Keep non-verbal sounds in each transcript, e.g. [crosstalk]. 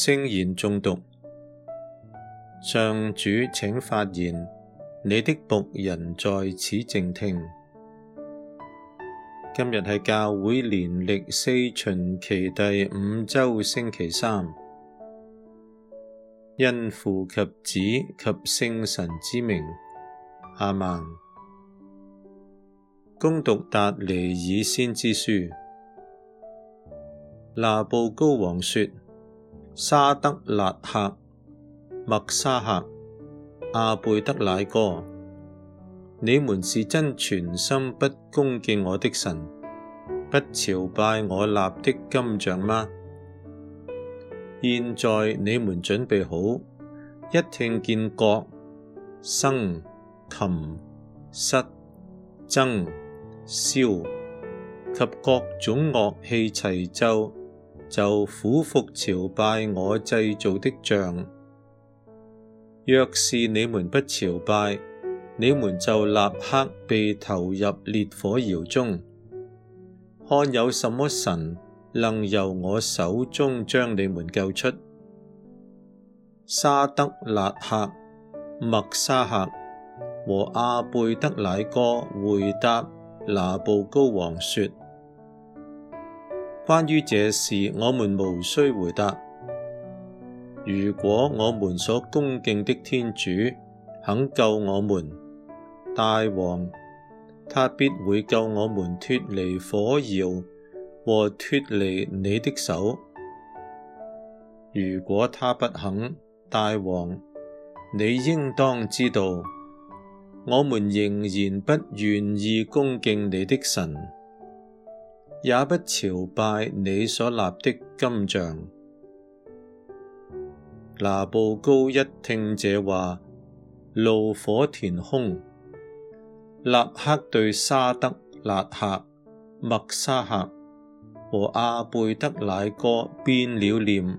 聲言誦讀，上主，請發言，你的僕人在此靜聽。今日係教會年曆四旬期第五周星期三，因父及子及聖神之名，阿孟。恭讀達尼爾先知書，拿步高王說。沙得辣客、默沙客、阿貝得乃哥，你們是真存心不恭敬我的神，不朝拜我立的金像嗎？現在你們準備好，一聽見角、笙、琴、瑟、箏、簫及各種樂器齊奏。就俯伏朝拜我製造的像，若是你們不朝拜，你們就立刻被投入烈火窑中。看有什麼神能由我手中將你們救出？沙得辣客、默沙客和阿貝得乃哥回答拿步高王說。關於這事，我們無需回答。如果我們所恭敬的天主肯救我們，大王，他必會救我們脱離火窑和脫離你的手。如果他不肯，大王，你應當知道，我們仍然不願意恭敬你的神。也不朝拜你所立的金像。拿步高一聽這話，怒火填胸，立刻對沙得辣客、默沙客和阿貝得乃哥變了臉，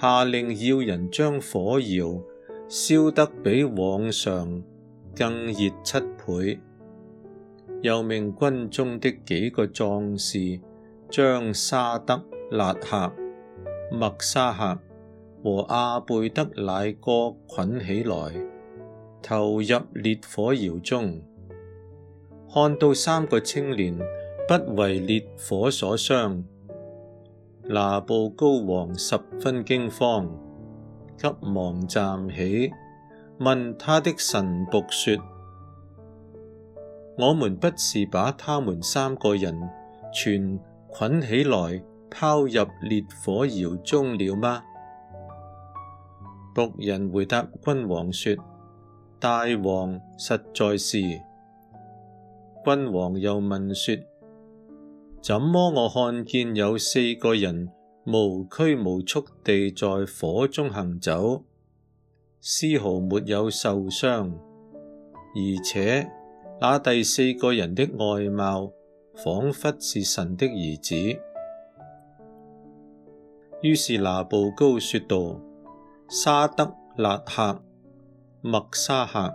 下令要人將火窑燒得比往常更熱七倍。又命軍中的幾個壯士將沙得辣客、默沙客和阿貝得乃哥捆起來，投入烈火窯中。看到三個青年不為烈火所傷，拿步高王十分驚慌，急忙站起，問他的神僕說。我們不是把他們三個人全捆起來拋入烈火窯中了嗎？僕人回答君王說：大王實在是。君王又問說：怎麼我看見有四個人無拘無束地在火中行走，絲毫沒有受傷，而且那第四個人的外貌仿佛是神的兒子。於是拿步高說道：沙得辣客、默沙客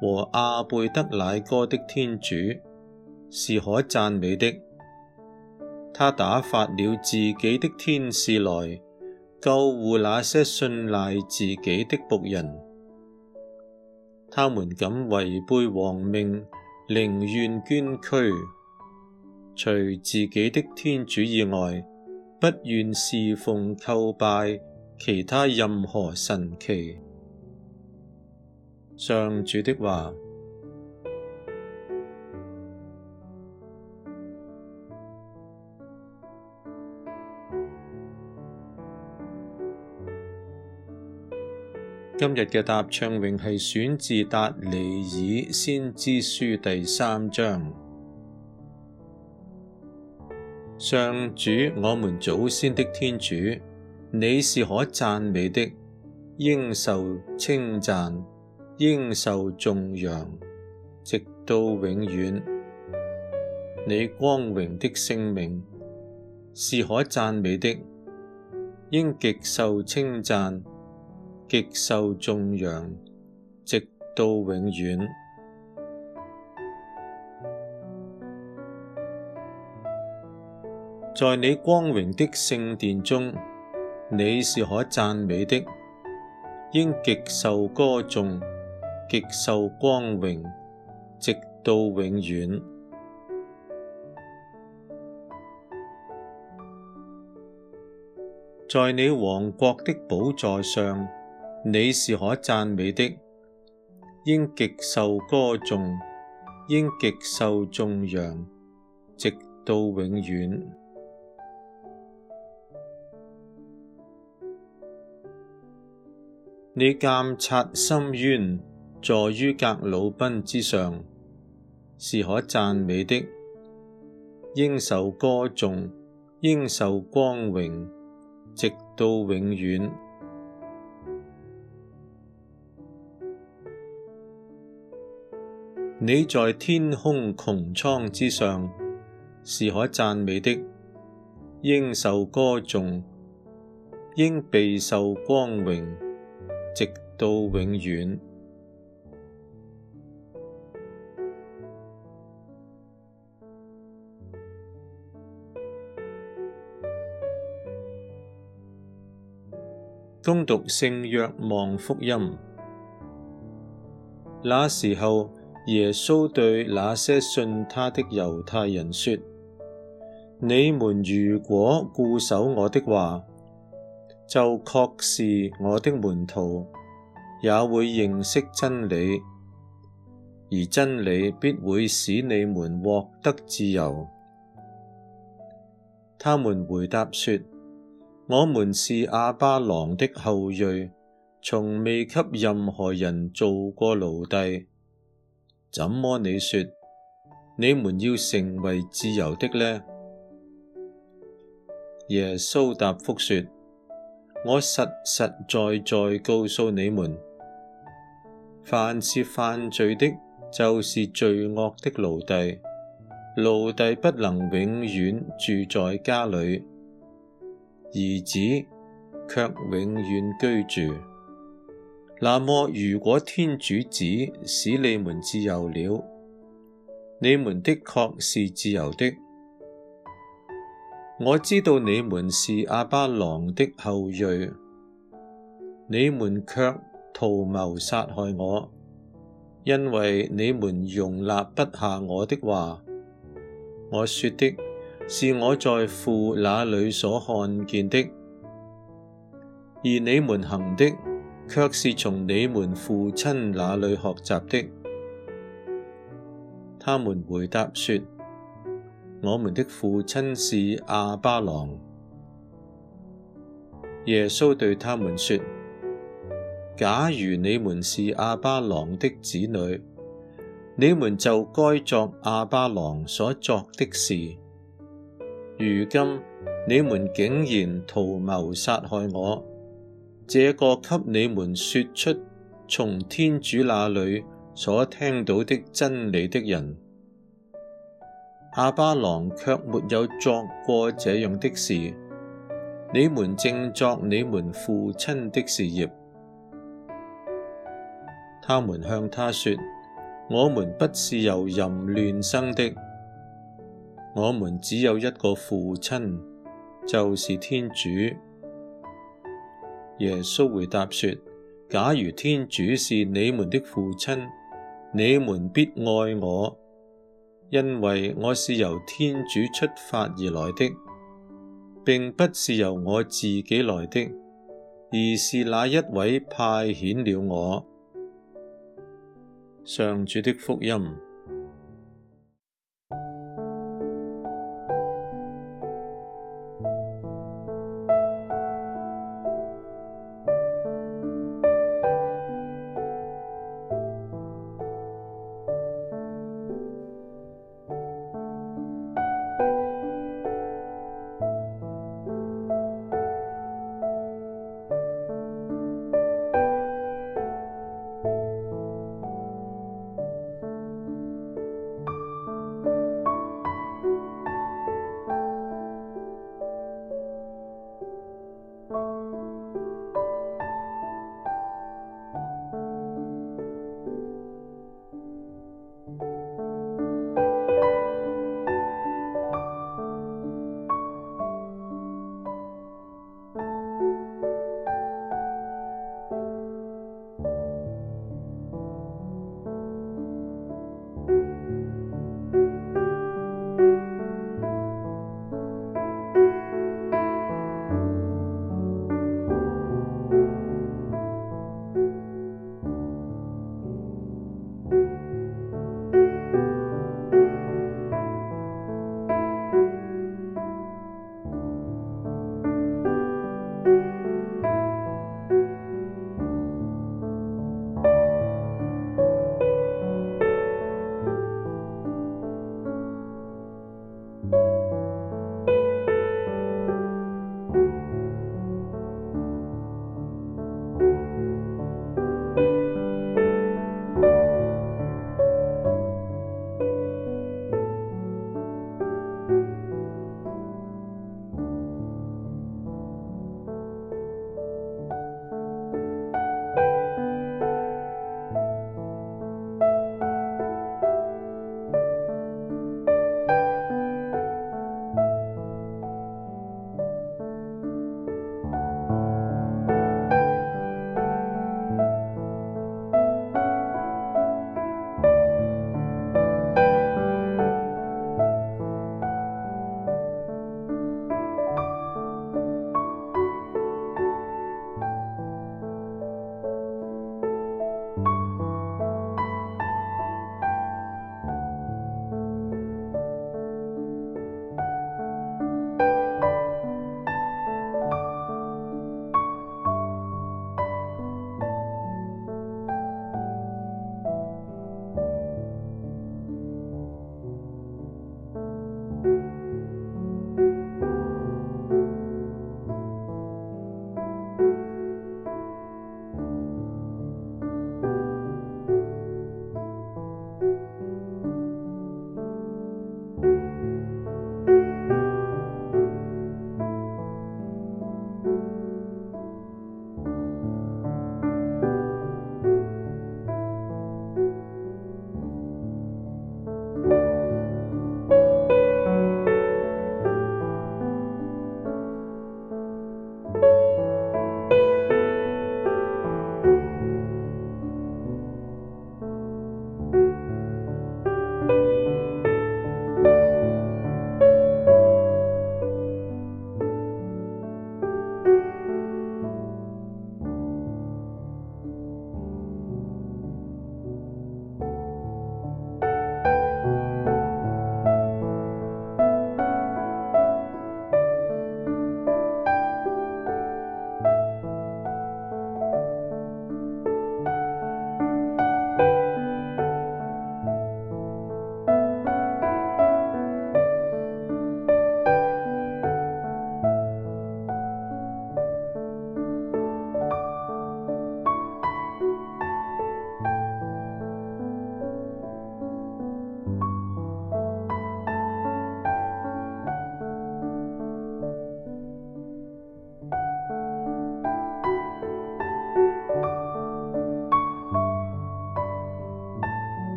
和阿貝得乃哥的天主是可讚美的，他打發了自己的天使來救護那些信賴自己的僕人。他們敢違背王命，寧願捐軀，除自己的天主以外，不願事奉叩拜其他任何神祇。上主的話。今日嘅答唱詠係選自達尼爾先知書第三章。上主，我們祖先的天主，你是可讚美的，應受稱讚，應受頌揚，直到永遠。你光榮的聖名，是可讚美的，應極受稱讚。極受頌揚，直到永遠。在你光榮的聖殿中，你是可讚美的，應極受歌頌，極受光榮，直到永遠。在你王國的寶座上。你是可讚美的，應極受歌頌，應極受頌揚，直到永遠。 [noise] 你鑒察深淵，坐於革魯賓之上，是可讚美的，應受歌頌，應受光榮，直到永遠。你在天空穹蒼之上，是可讚美的，應受歌頌，應備受光榮，直到永遠。恭讀聖若望福音，那時候。耶穌對那些信他的猶太人說：你們如果固守我的話，就確是我的門徒，也會認識真理，而真理必會使你們獲得自由。他們回答說：我們是亞巴郎的後裔，從未給任何人做過奴隸。怎麼你說你們要成為自由的呢？耶穌答覆說：我實實在在告訴你們，凡是犯罪的，就是罪惡的奴隸。奴隸不能永遠住在家裏，兒子卻永遠居住。那麼，如果天主子使你們自由了，你們的確是自由的。我知道你們是亞巴郎的後裔，你們却圖謀殺害我，因為你們容納不下我的話。我說的是我在父那裏所看見的，而你們行的，卻是從你們父親那裏學習的。他們回答說：我們的父親是阿巴郎。耶穌對他們說：假如你們是阿巴郎的子女，你們就該作阿巴郎所作的事。如今你們竟然圖謀殺害我。這個給你們說出從天主那裏所聽到的真理的人，亞巴郎却沒有作過這樣的事。你們正作你們父親的事業。他們向他說：我們不是由淫亂生的，我們只有一個父親，就是天主。耶穌回答說：「假如天主是你們的父親，你們必愛我，因為我是由天主出發而來的，並不是由我自己來的，而是那一位派遣了我。」上主的福音。